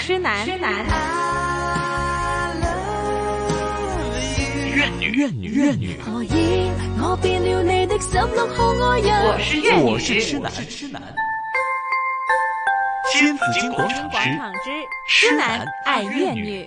痴男，怨女，怨女，女我是痴男，我是痴男，金紫荊廣場之痴男愛怨女。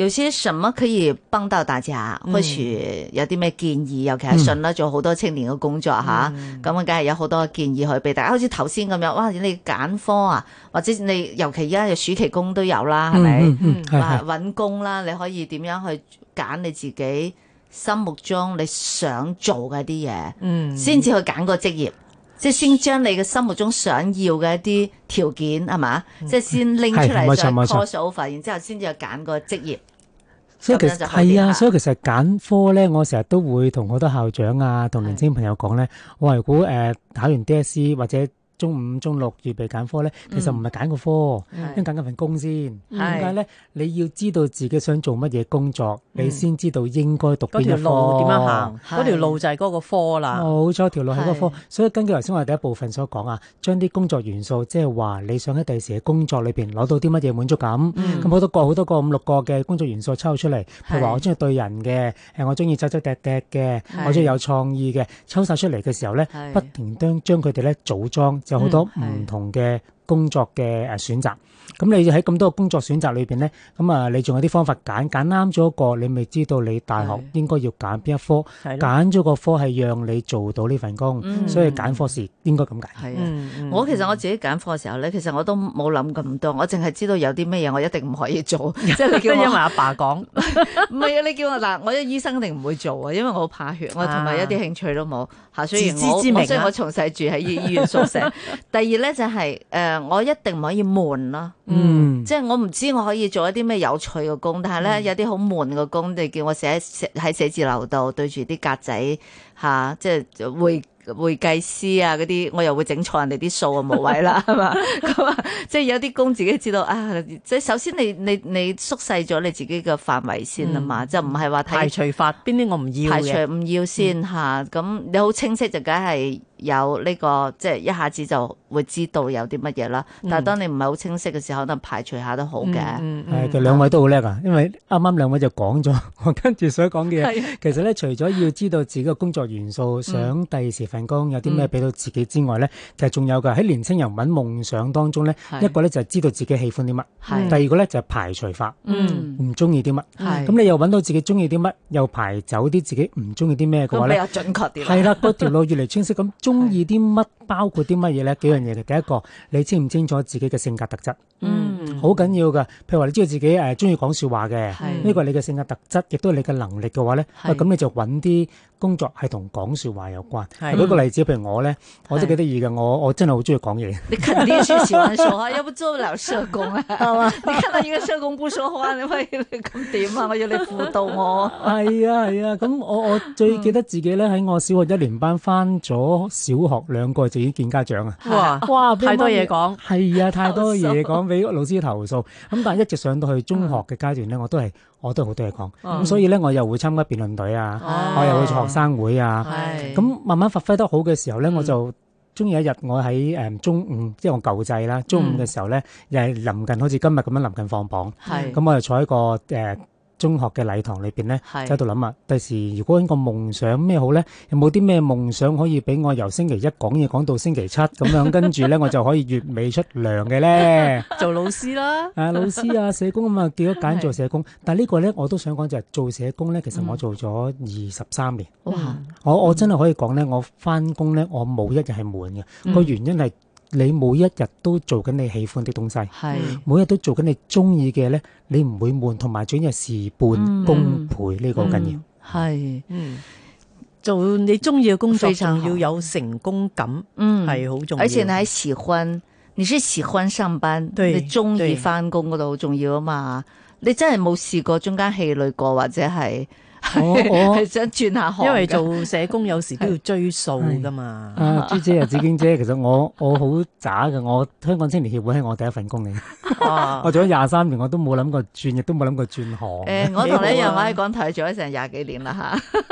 有些什麼可以幫到大家？或許有啲咩建議，尤其係信啦，做好多青年嘅工作吓，咁啊，梗係有好多建議去俾大家。好似頭先咁樣，哇！你揀科啊，或者你尤其而家暑期工都有啦，係咪？啊，搵工啦，你可以點樣去揀你自己心目中你想做嘅一啲嘢？先至去揀個職業，即係先將你嘅心目中想要嘅一啲條件係嘛？即係先拎出嚟再 cover，然之後先至去揀個職業。所以其實係啊，所以其實揀科咧，我成日都會同好多校長啊、同年青朋友講咧，話是的 如果誒考、呃、完 DSE 或者。中五、中六預備揀科咧，其實唔係揀個科，應揀緊份工先。點解咧？你要知道自己想做乜嘢工作，你先知道應該讀邊一科。嗰條路點樣行？嗰條路就係嗰個科啦。冇錯，條路係嗰個科。所以根據頭先我哋第一部分所講啊，將啲工作元素，即係話你想喺第時嘅工作裏邊攞到啲乜嘢滿足感。咁好多個好多個五六個嘅工作元素抽出嚟，譬如話我中意對人嘅，誒我中意走走掟掟嘅，我中意有創意嘅，抽曬出嚟嘅時候咧，不停將將佢哋咧組裝。有好多唔同嘅工作嘅，誒選擇。咁你喺咁多工作選擇裏邊咧，咁啊你仲有啲方法揀揀啱咗一個，你咪知道你大學應該要揀邊一科，揀咗的個科系讓你做到呢份工，嗯、所以揀科時應該咁揀。係啊，我其實我自己揀科嘅時候咧，其實我都冇諗咁多，我淨係知道有啲咩嘢我一定唔可以做， 即係 因為阿爸講，唔 係啊，你叫我嗱，我一醫生一定唔會做啊，因為我好怕血，我同埋一啲興趣都冇，啊、自知之明所、啊、以，我從細住喺醫醫院宿舍。 第二咧就係、是、誒、呃，我一定唔可以悶咯。嗯，即係我唔知我可以做一啲咩有趣嘅工，但係咧、嗯、有啲好悶嘅工，你叫我寫寫喺寫字樓度對住啲格仔吓、啊，即係會。會計師啊嗰啲，我又會整錯人哋啲數啊，冇位啦，係嘛，咁啊，即係有啲工自己知道啊，即係首先你你你縮細咗你自己嘅範圍先啦嘛，即係唔係話排除法邊啲我唔要，排除唔要先吓，咁你好清晰就梗係有呢個，即係一下子就會知道有啲乜嘢啦。但係當你唔係好清晰嘅時候，可能排除下都好嘅。係，兩位都好叻啊，因為啱啱兩位就講咗，我跟住想講嘅嘢，其實咧除咗要知道自己嘅工作元素，想第二時。有啲咩俾到自己之外咧，其實仲有噶喺年輕人揾夢想當中咧，一個咧就係知道自己喜歡啲乜，第二個咧就係排除法，唔中意啲乜，咁你又揾到自己中意啲乜，又排走啲自己唔中意啲咩嘅話咧，比較準確啲。係啦，嗰條路越嚟清晰。咁中意啲乜，包括啲乜嘢咧？幾樣嘢嘅。第一個，你清唔清楚自己嘅性格特質？嗯，好緊要嘅。譬如話，你知道自己誒中意講説話嘅，呢個係你嘅性格特質，亦都係你嘅能力嘅話咧，咁你就揾啲。工作係同講說話有關。舉個例子，譬如我咧，我都幾得意嘅。我我真係好中意講嘢。你肯定要講說話，要不做不了社工，係嘛？你今日依個社工不説話，你話要你咁點啊？我要你輔導我。係啊係啊，咁我我最記得自己咧喺我小學一年班返咗小學兩個月就已經見家長啊。哇！哇！太多嘢講。係啊，太多嘢講俾老師投訴。咁但係一直上到去中學嘅階段咧，我都係。我都好多嘢講，咁、嗯、所以咧我又會參加辯論隊啊，哦、我又會做學生會啊，咁、哦、慢慢發揮得好嘅時候咧，嗯、我就我中意一日我喺誒、嗯、中五，即係我舊制啦，中五嘅時候咧又係臨近，好似今日咁樣臨近放榜，咁是我就坐喺個誒，呃中學嘅禮堂裏邊咧，喺度諗啊。第時如果一個夢想咩好咧，有冇啲咩夢想可以俾我由星期一講嘢講到星期七咁樣？跟住咧我就可以月尾出糧嘅咧。做老師啦，誒，老師啊，社工咁啊，叫咗揀做社工？但係呢個咧，我都想講就係做社工咧。其實我做咗二十三年。哇！我我真係可以講咧，我翻工咧，我冇一日係滿嘅個原因係。你每一日都做緊你喜歡的東西，係是每日都做緊你中意嘅咧，你唔會悶，同埋最緊要事半功倍，呢個好緊要，係嗯做、嗯嗯、你中意嘅工作，重要有成功感，嗯係好重要，而且你喺喜歡，你說喜歡上班，對你中意翻工嗰度好重要啊嘛，對你真係冇試過中間氣餒過或者係。我我係想轉下行，因為做社工有時都要追數噶嘛。啊，朱姐啊，紫荊姐，其實我我好渣噶，我香港青年協會係我第一份工嚟，我做咗廿三年，我都冇諗過轉，亦都冇諗過轉行。誒，我同你一樣喺港台做咗成廿幾年啦吓。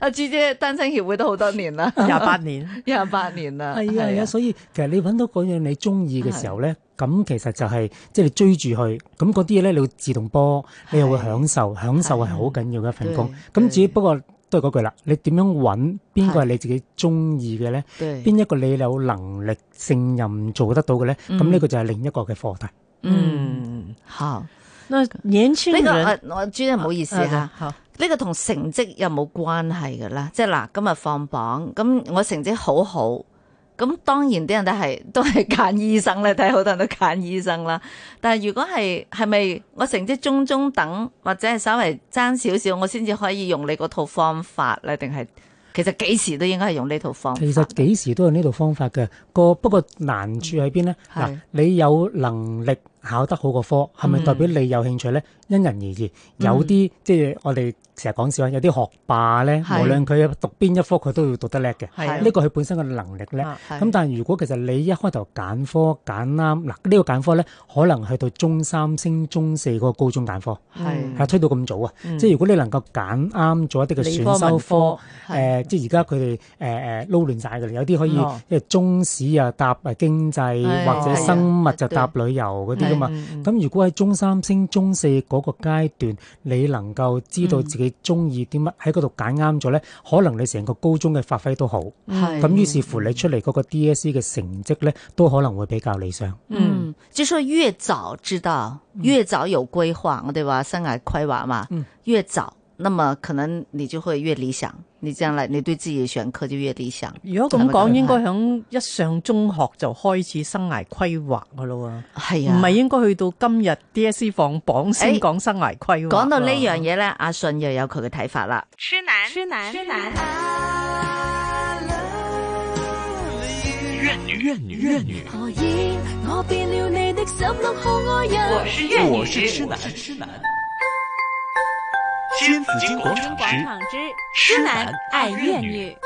阿朱姐，單身協會都好多年啦，廿八年，廿八年啦。係啊，係啊，所以其實你揾到嗰樣你中意嘅時候咧。咁其實就係即係你追住去，咁嗰啲嘢咧，你會自動波，你又會享受，享受係好緊要嘅一份工。咁至於不過都係嗰句啦，你點樣揾邊個係你自己中意嘅咧？邊一個你有能力勝任做得到嘅咧？咁呢個就係另一個嘅課題。嗯，好。那年輕人，呢個我朱姐唔好意思嚇。好，呢個同成績有冇關係嘅啦？即係嗱，今日放榜，咁我成績好好。咁當然啲人都係都係揀醫生啦，睇好多人都揀醫生啦。但係如果係係咪我成績中中等或者係稍微爭少少，我先至可以用你嗰套方法咧？定係其實幾時都應該係用呢套方法。其實幾時都用呢套方法嘅。個不過難處喺邊呢？嗱、嗯，你有能力。考得好個科，係咪代表你有興趣咧？因人而異，有啲即係我哋成日講笑，有啲學霸咧，無論佢讀邊一科，佢都要讀得叻嘅。呢個佢本身嘅能力咧。咁但係如果其實你一開頭揀科揀啱，嗱呢個揀科咧，可能去到中三升中四嗰個高中揀科，係啊，吹到咁早啊，即係如果你能夠揀啱咗一啲嘅選修科，誒，即係而家佢哋誒誒撈亂曬嘅，有啲可以即係中史啊搭誒經濟，或者生物就搭旅遊嗰啲。咁、嗯、如果喺中三升中四嗰個階段，你能夠知道自己中意啲乜，喺嗰度揀啱咗咧，可能你成個高中嘅發揮都好，係咁、嗯、於是乎你出嚟嗰個 DSE 嘅成績咧，都可能會比較理想。嗯，即係係越早知道，越早有對規劃，我哋話生涯規劃嘛，嗯，越早。那麼可能你就會越理想，你將來你對自己嘅選科就越理想。如果咁講， 係咪應該響一上中學就開始生涯規劃噶咯，係啊，唔係應該去到今日 D S C 放榜先講生涯規劃。講到呢樣嘢咧，阿信、 啊、又有佢嘅睇法啦。新紫金廣場之痴男愛怨女。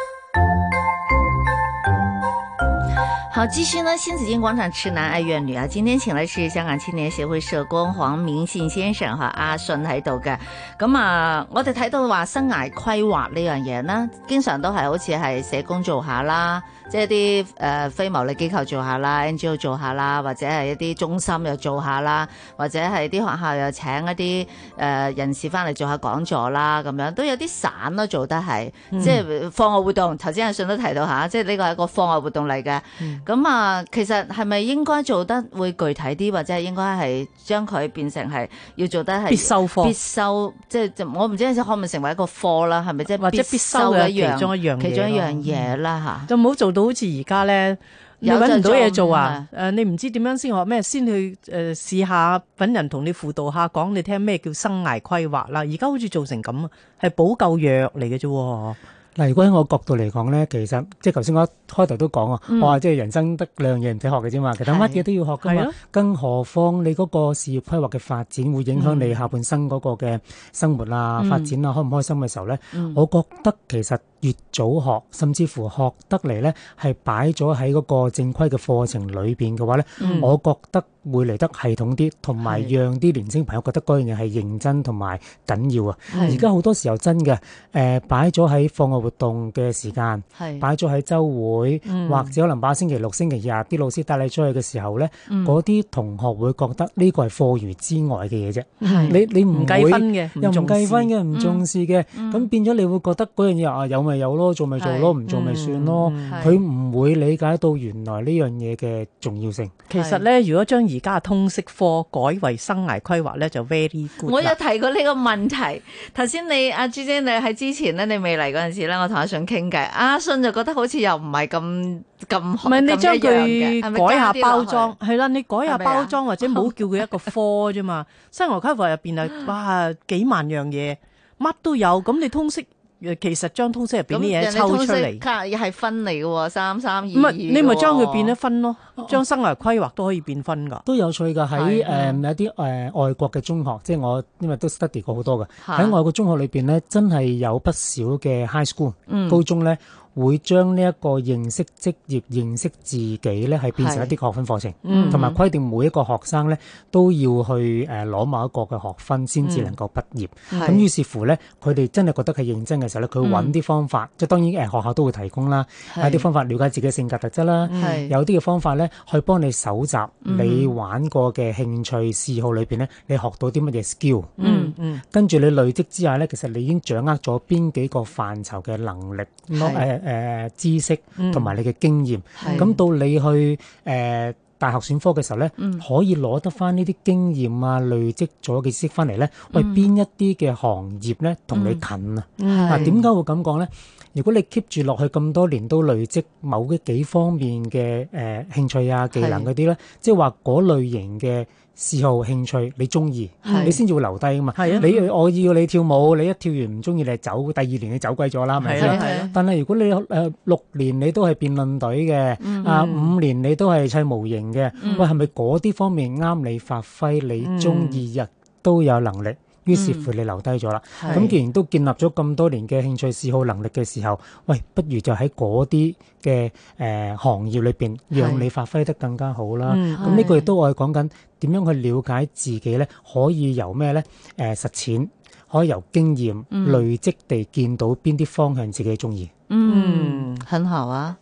好，繼續呢，新紫金廣場痴男愛怨女啊，今天請來是香港青年協會社工黃民信先生哈，阿信喺度嘅，咁啊，啊我哋睇到話生涯規劃呢樣嘢啦，經常都係好似係社工做下啦。即係啲誒非牟利機構做下啦，NGO 做下啦，或者係一啲中心又做下啦，或者係啲學校又請一啲誒人士翻嚟做下講座啦，咁樣都有啲散咯做得係，嗯、即係課外活動頭先阿信都提到吓，即係呢個係一個課外活動嚟嘅。咁啊、嗯嗯，其實係咪應該做得會具體啲，或者係應該係將佢變成係要做得係必修科必修，必修即係我唔知可唔可以成為一個科啦，係咪即係或者必修嘅其中一樣其中一樣嘢啦吓。就好做好似而家咧，你揾唔到嘢做、嗯、啊？誒，你唔知點樣先學咩？先去誒試、呃、下揾人同你輔導下，講你聽咩叫生涯規劃啦。而家好似做成咁啊，係補救藥嚟嘅啫。嗱，如果喺我角度嚟講咧，其實即係頭先我開頭都講啊，我話、嗯、即係人生得兩樣嘢唔使學嘅啫嘛，其他乜嘢都要學噶嘛。是更何況你嗰個事業規劃嘅發展會影響你下半生嗰個嘅生活啊、嗯、發展啊、開唔開心嘅時候咧，嗯嗯、我覺得其實。越早學，甚至乎學得嚟咧，係擺咗喺嗰個正規嘅課程裏邊嘅話咧，嗯、我覺得會嚟得系統啲，同埋讓啲年輕朋友覺得嗰樣嘢係認真同埋緊要啊！而家好多時候真嘅，誒擺咗喺課外活動嘅時間，擺咗喺周會，嗯、或者可能擺喺星期六、星期日，啲老師帶你出去嘅時候咧，嗰啲、嗯、同學會覺得呢個係課餘之外嘅嘢啫。你你唔計分嘅，又唔計分嘅，唔重視嘅，咁、嗯嗯嗯、變咗你會覺得嗰樣嘢啊有。啊啊啊啊咪有咯，做咪做咯，唔做咪算咯。佢唔會理解到原來呢樣嘢嘅重要性。其實咧，如果將而家嘅通識科改為生涯規劃咧，就 very good。我有提過呢個問題。頭先你阿朱姐，你喺之前咧，你未嚟嗰陣時咧，我同阿信傾偈，阿信就覺得好似又唔係咁咁，唔係你將佢改下包裝，係啦，你改下包裝或者唔好叫佢一個科啫嘛。生涯規劃入邊啊，哇，幾萬樣嘢，乜都有。咁你通識。其實將通識入邊啲嘢抽出嚟，卡係分嚟嘅，三三二二。唔係，你咪將佢變咗分咯，將、哦哦、生涯規劃都可以變分噶。都有趣噶，喺誒有啲誒外國嘅中學，即係我因為都 study 過好多嘅，喺外國中學裏邊呢，真係有不少嘅 high school，、嗯、高中咧。會將呢一個認識職業、認識自己咧，係變成一啲學分課程，同埋規定每一個學生咧都要去誒攞某一個嘅學分先至能夠畢業。咁於是乎咧，佢哋真係覺得係認真嘅時候咧，佢會揾啲方法。即係當然誒，學校都會提供啦，一啲方法了解自己嘅性格特質啦。有啲嘅方法咧，去以幫你搜集你玩過嘅興趣嗜好裏邊咧，你學到啲乜嘢 skill。嗯嗯。跟住你累積之下咧，其實你已經掌握咗邊幾個範疇嘅能力。係。誒、呃、知識同埋你嘅經驗，咁、嗯、到你去誒、呃、大學選科嘅時候咧，嗯、可以攞得翻呢啲經驗啊，累積咗嘅知識翻嚟咧，喂邊、嗯、一啲嘅行業咧同你近啊？嗱點解會咁講咧？如果你 keep 住落去咁多年都累積某幾幾方面嘅誒、呃、興趣啊技能嗰啲咧，即係話嗰類型嘅。嗜好、興趣，你中意，的你先至會留低噶嘛？的你我要你跳舞，你一跳完唔中意，你走，第二年你走鬼咗啦，係咪先？的的但係如果你誒六、呃、年你都係辯論隊嘅，嗯、啊五年你都係砌模型嘅，嗯、喂，係咪嗰啲方面啱你發揮？你中意，日都有能力。嗯嗯於是乎你留低咗啦，咁、嗯、既然都建立咗咁多年嘅興趣嗜好能力嘅時候，喂，不如就喺嗰啲嘅誒行業裏邊，讓你發揮得更加好啦。咁呢個亦都我係講緊點樣去了解自己咧，可以由咩咧誒實踐，可以由經驗累積地見到邊啲方向自己中意。嗯，很好啊，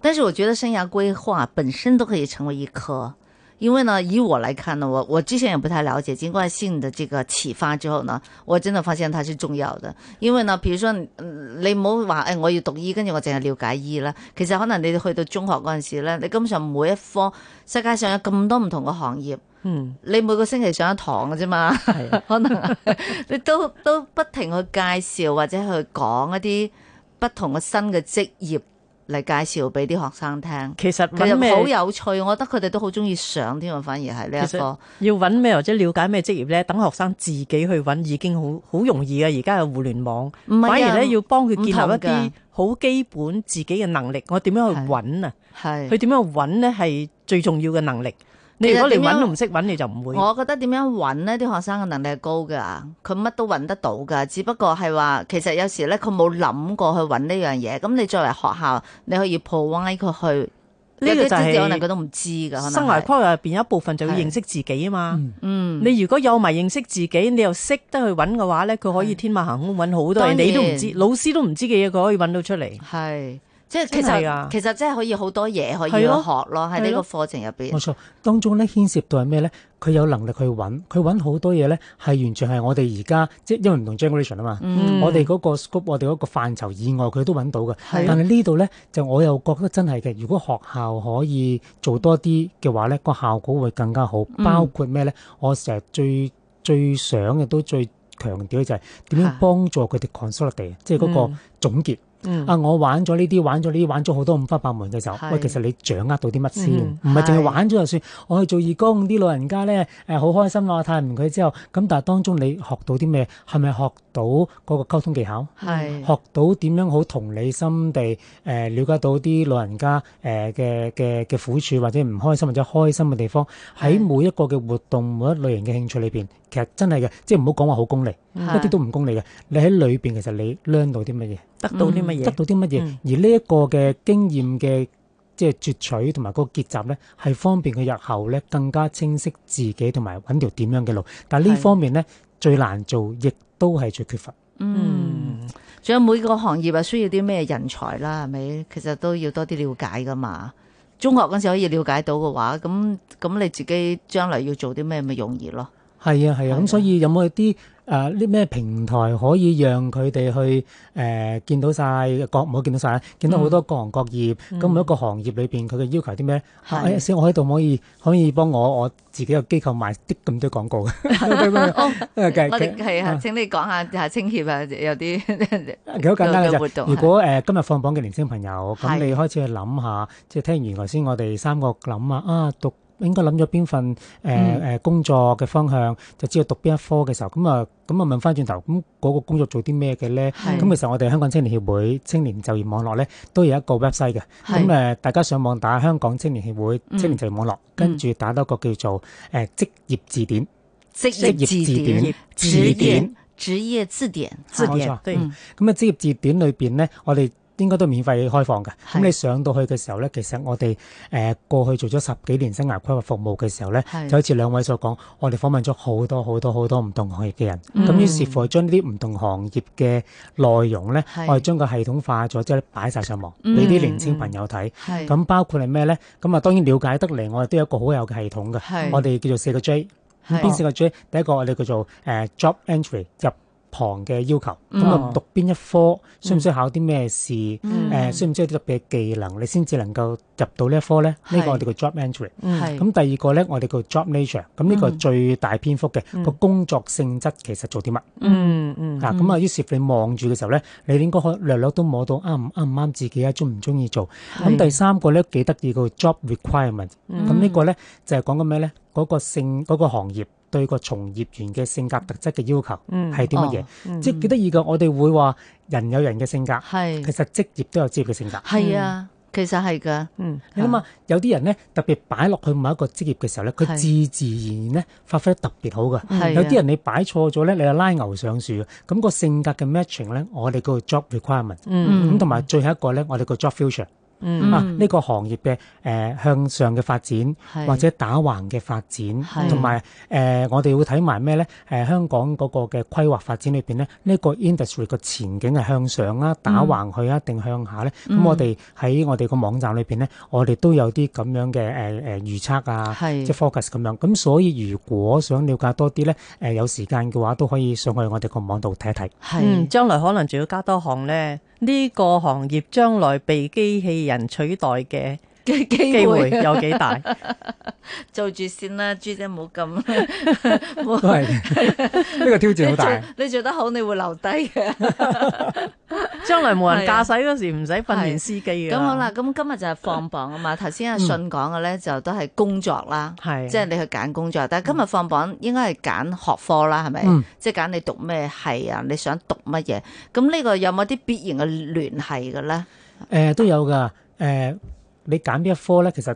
但是我覺得生涯規劃本身都可以成為一科。因為呢，以我嚟看呢，我我之前也不太了解，經過性的這個啟發之後呢，我真係發現它是重要的。因為呢，比如說你唔好話誒，我要讀醫，跟住我淨係了解醫啦。其實可能你去到中學嗰陣時咧，你根本上每一科，世界上有咁多唔同嘅行業，嗯，你每個星期上一堂嘅啫嘛，可能你都都不停去介紹或者去講一啲不同嘅新嘅職業。嚟介紹俾啲學生聽，其實好有趣，我覺得佢哋都好中意上添，反而係呢一個要揾咩或者了解咩職業咧，等學生自己去揾已經好好容易啊。而家有互聯網，反而咧要幫佢建立一啲好基本自己嘅能力。我點樣去揾啊？係佢點樣去揾咧？係最重要嘅能力。你如果連揾都唔識揾，你就唔會。我覺得點樣揾呢啲學生嘅能力係高噶，佢乜都揾得到噶。只不過係話，其實有時咧，佢冇諗過去揾呢樣嘢。咁你作為學校，你可以 provide 佢去。呢是個就係可能佢都唔知噶。可能生涯規劃入邊有一部分就要認識自己啊嘛。嗯。你如果有埋認識自己，你又識得去揾嘅話咧，佢可以天馬行空揾好多嘢，你都唔知，老師都唔知嘅嘢，佢可以揾到出嚟。係。即係其實其實真係可以好多嘢可以去學咯，喺呢的個課程入邊。冇錯，當中咧牽涉到係咩咧？佢有能力去揾，佢揾好多嘢咧，係完全係我哋而家即係因為唔同 generation 啊嘛。嗯、我哋嗰個 scope，我哋嗰個範疇以外，佢都揾到嘅。的但係呢度咧，就我又覺得真係嘅。如果學校可以做多啲嘅話咧，個、嗯、效果會更加好。包括咩咧？我成日最最想嘅都最強調就係點樣幫助佢哋 consolidate，即係嗰個總結。嗯，啊，我玩咗呢啲，玩咗呢啲，玩咗好多五花八門嘅時候，喂是，其實你掌握到啲乜先？唔係淨係玩咗就算。我去做義工，啲老人家咧，誒、呃、好開心啦，探完佢之後，咁但係當中你學到啲咩？係咪學到嗰個溝通技巧？係是學到點樣好同理心地誒瞭、呃、解到啲老人家誒嘅嘅嘅苦處或者唔開心或者開心嘅地方？喺是每一個嘅活動，每一類型嘅興趣裏邊。其實真係嘅，即係唔好講話好功利，是一啲都唔功利嘅。你喺裏邊，其實你 learn 到啲乜嘢，得到啲乜嘢，嗯、得到啲乜嘢。嗯、而呢一個嘅經驗嘅即係攫取，同埋個結集咧，係方便佢日後咧更加清晰自己，同埋揾條點樣嘅路。但係呢方面咧，的最難做，亦都係最缺乏。嗯，仲、嗯、有每個行業啊，需要啲咩人才啦？係咪？其實都要多啲了解噶嘛。中學嗰時可以了解到嘅話，咁咁你自己將來要做啲咩咪容易咯。係啊，係啊，咁的所以有冇啲誒啲咩平台可以讓佢哋去誒見到晒？各唔好見到晒，見到好多各行各業。咁每、嗯嗯、一個行業裏邊佢嘅要求啲咩？係、啊、先、哎，我喺度可以可以幫我我自己個機構買啲咁多廣告哈哈哈哈？ 係我哋啊，請你講下下青協啊，有啲幾好簡單嘅活動。如果誒、呃、今日放榜嘅年輕朋友，咁你開始去諗下，即係聽完原來先，我哋三個諗啊啊讀。應該諗咗邊份誒誒工作嘅方向，嗯、就知道讀邊一科嘅時候，咁啊咁啊問翻轉頭，咁、嗯、嗰、嗰個工作做啲咩嘅咧？咁是其實我哋香港青年協會青年就業網絡咧，都有一個 website 嘅。咁誒是，大家上網打香港青年協會青年就業網絡，跟住、嗯、打多個叫做誒、呃、職業字典。職業字典字典職業字典。冇錯。咁啊，職業字典裏邊咧，我哋。應該都免費開放嘅。咁你上到去嘅時候咧，其實我哋誒過去做咗十幾年生涯規劃服務嘅時候咧，是就好似兩位所講，我哋訪問咗好多好多好多唔同行業嘅人。咁、嗯、於是乎將呢啲唔同行業嘅內容咧，是我哋將個系統化咗，即係擺晒上網俾啲年輕朋友睇。咁、嗯、包括係咩咧？咁啊當然了解得嚟，我哋都有一個好有嘅系統嘅。是我哋叫做四個 J。邊四個 J？第一個我哋叫做誒、呃、job entry 入。旁嘅要求，咁啊讀邊一科，需唔需要考啲咩試？誒，需唔需要特別嘅技能，你先至能夠入到呢一科咧？呢個我哋叫 job entry。係咁，第二個咧，我哋叫 job nature。咁呢個係最大篇幅嘅個工作性質，其實做啲乜？嗯嗯。嗱，咁啊，於是你望住嘅時候咧，你應該可略略都摸到啱唔啱唔啱自己啊，中唔中意做？咁第三個咧幾得意個 job requirement。咁呢個咧就係講緊咩咧？嗰個性嗰個行業。對個從業員嘅性格特質嘅要求係啲乜嘢？嗯哦嗯、即係幾得意嘅，我哋會話人有人嘅性格，係是其實職業都有職業嘅性格，係啊，嗯、其實係噶，嗯，你諗下，嗯、有啲人咧特別擺落去某一個職業嘅時候咧，佢自是自然然咧發揮得特別好嘅。啊、有啲人你擺錯咗咧，你係拉牛上樹嘅。咁、個性格嘅 matching 咧，我哋叫做 job requirement，咁同埋最後一個咧，我哋個 job future。嗯、啊！呢、這個行業嘅誒、呃、向上嘅發展，是或者打橫嘅發展，同埋誒我哋會睇埋咩咧？誒、呃、香港嗰個嘅規劃發展裏邊咧，呢、嗯、個 industry 個前景係向上啊，打橫去啊，定向下咧？咁、嗯、我哋喺我哋個網站裏邊咧，我哋都有啲咁樣嘅誒誒預測啊，即係 focus 咁樣。咁所以如果想了解多啲咧，誒、呃、有時間嘅話，都可以上去我哋個網度睇一睇。係是、嗯，將來可能仲要加多行咧。呢個行業將來被機器人取代嘅。機會有幾大？做住先啦，豬姐，唔好咁。都係呢個挑戰好大。你做得好，你會留低嘅。將來無人駕駛嗰時唔使訓練司機嘅。咁好啦，咁今日就係放榜啊嘛。頭先阿信講嘅咧，就都係工作啦，係即係你去揀工作。但係今日放榜，應該係揀學科啦，係咪？嗯。即係揀你讀咩系啊？你想讀乜嘢？咁呢個有冇啲必然嘅聯繫嘅咧？誒，都有噶，誒。你揀邊一科咧？其實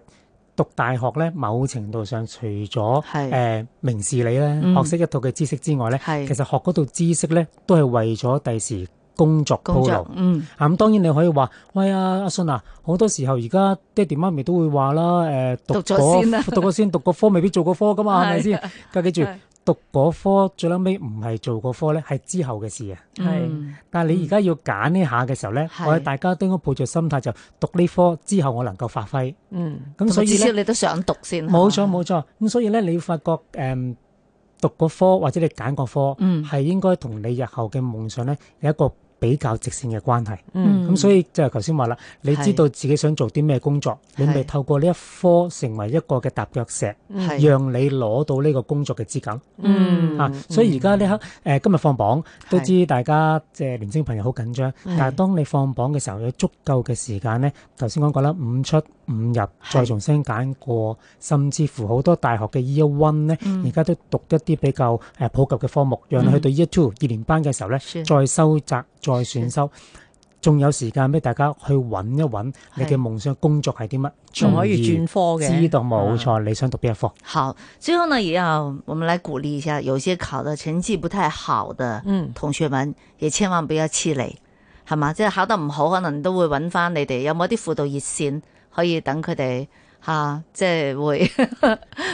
讀大學咧，某程度上除咗誒是、呃、明事理咧，嗯、學識一套嘅知識之外咧，是其實學嗰套知識咧，都係為咗第時工作鋪路作。嗯。啊，咁當然你可以話喂阿阿、啊、信啊，好多時候而家爹哋媽咪都會話啦，誒、呃，讀咗先啦、啊，讀咗先，讀個科未必做個科噶嘛，係咪先？家記住。讀嗰科最屘尾唔係做嗰科咧，係之後嘅事啊。係，嗯，但係你而家要揀呢下嘅時候咧，嗯、我哋大家都應該抱着心態就，就讀呢科之後我能夠發揮。嗯，咁所以咧，至少你都想讀先。冇錯冇錯，咁、嗯、所以咧，你發覺誒、呃，讀嗰科或者你揀嗰科，嗯，係應該同你日後嘅夢想咧有一個。比較直線嘅關係，咁所以就係頭先話啦，你知道自己想做啲咩工作，你咪透過呢一科成為一個嘅踏腳石，讓你攞到呢個工作嘅資格。嗯啊，所以而家呢刻誒今日放榜，都知大家即係年輕朋友好緊張，但係當你放榜嘅時候有足夠嘅時間咧，頭先講過啦，五出五入，再重新揀過，甚至乎好多大學嘅 Year One 咧，而家都讀一啲比較誒普及嘅科目，讓你去到 Year Two 二年班嘅時候咧再收窄。再選修，仲有時間俾大家去揾一揾你嘅夢想工作係啲乜，仲是從而 可以轉科嘅。知道冇錯。嗯、你想讀邊一科？好，最後呢，也要我們來鼓勵一下，有些考得成績不太好的同學們，也千萬不要氣餒，係嘛、嗯？即係考得唔好，可能都會揾翻你哋，有冇啲輔導熱線可以等佢哋？吓，即係 會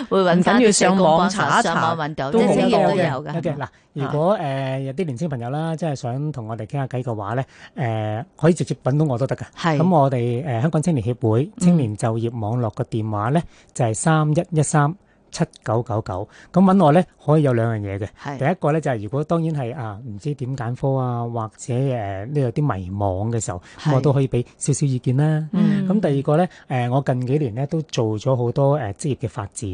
會揾翻要嘅工作。上網查一查，揾到都好多嘅。嗱，嗯、吧如果誒、呃、有啲年輕朋友啦，即係想同我哋傾下偈嘅話咧，誒、呃、可以直接揾到我都得噶。咁是我哋誒、呃、香港青年協會青年就業網絡嘅電話咧就係三一一三。七九九九，咁搵我咧可以有兩樣嘢嘅。是第一個咧就係如果當然係啊，唔知點揀科啊，或者誒呢有啲迷惘嘅時候，是我都可以俾少少意見啦。咁、嗯、第二個咧，誒、呃、我近幾年咧都做咗好多誒職、呃、業嘅發展，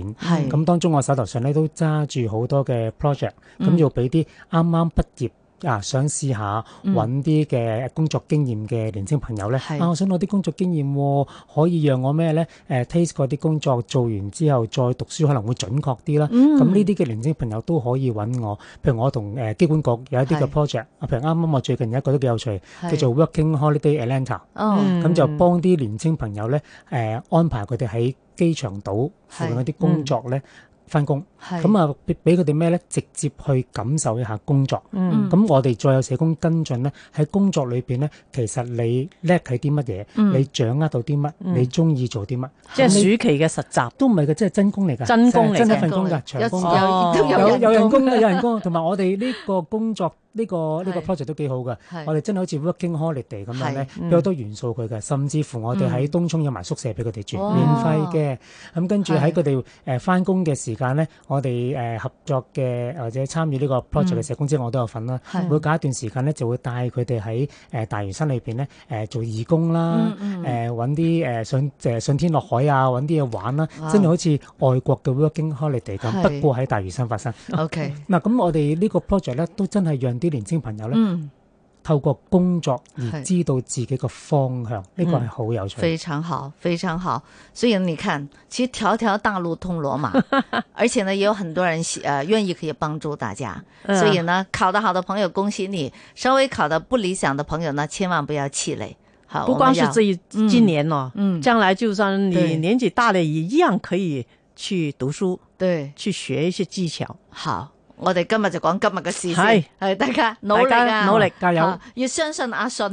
咁是當中我手頭上咧都揸住好多嘅 project，咁要俾啲啱啱畢業。啊！想試下揾啲嘅工作經驗嘅年青朋友咧，嗯、啊！我想攞啲工作經驗，哦，可以讓我咩咧？誒 taste 過啲工作，做完之後再讀書可能會準確啲啦。咁呢啲嘅年青朋友都可以揾我。譬如我同誒、呃、機管局有一啲嘅 project 是。啊，譬如啱啱我最近有一個都幾有趣，是叫做 Working Holiday Atlanta 是。哦、咁、嗯、就幫啲年青朋友咧，誒、呃、安排佢哋喺機場島附近一啲工作咧。嗯翻工，咁啊俾俾佢哋咩咧？直接去感受一下工作。咁我哋再有社工跟進咧，喺工作裏邊咧，其實你叻係啲乜嘢？你掌握到啲乜？你中意做啲乜？即係暑期嘅實習都唔係嘅，即係真工嚟㗎，真工嚟，真一份工㗎，長工，有有有人工啦，有人工，同埋我哋呢個工作。呢個呢個 project 都幾好㗎，我哋真係好似 working holiday 咁樣咧，有好多元素佢嘅，甚至乎我哋喺東涌有埋宿舍俾佢哋住，免費嘅。咁跟住喺佢哋誒翻工嘅時間咧，我哋誒合作嘅或者參與呢個 project 嘅社工資我都有份啦。每隔一段時間咧，就會帶佢哋喺誒大嶼山裏邊咧誒做義工啦，誒揾啲誒上誒上天落海啊，揾啲嘢玩啦，真係好似外國嘅 working holiday 咁，不過喺大嶼山發生。O K。嗱咁我哋呢個 project 咧都真係讓啲。啲年青朋友呢，嗯、透過工作而知道自己個方向，呢是個係好有趣，嗯，非常好，非常好。所以你看，其實條條大路通羅馬， 而且呢也有很多人，誒、呃，願意可以幫助大家。 所以呢，考得好的朋友恭喜你，稍微考得不理想的朋友呢，千萬不要氣餒。好，不光是這一今年咯，嗯，嗯嗯將來就算你年紀大了，也一樣可以去讀書，對，對去學一些技巧。好。好我哋今日就講今日嘅事先，係大家努力努力加油，要相信阿信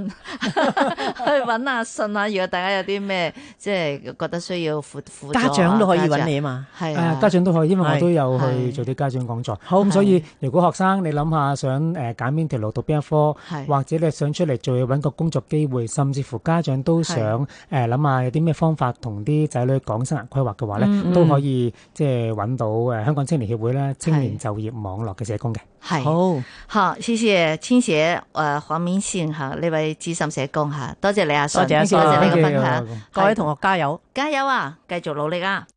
去揾阿信啊！如果大家有啲咩，即係覺得需要輔助，家長都可以揾你啊嘛，係啊，家長都可以，因為我都有去做啲家長講座。好咁，所以如果學生你諗下想誒揀邊條路讀邊一科，或者你想出嚟做嘢揾個工作機會，甚至乎家長都想誒諗下有啲咩方法同啲仔女講生涯規劃嘅話咧，都可以即係揾到誒香港青年協會咧青年就業網。網絡嘅社工嘅係，好好，謝謝青協誒黃民信吓呢位資深社工吓，多謝你啊，多謝多謝你嘅分享，各位同學加油加油啊，繼續努力啊！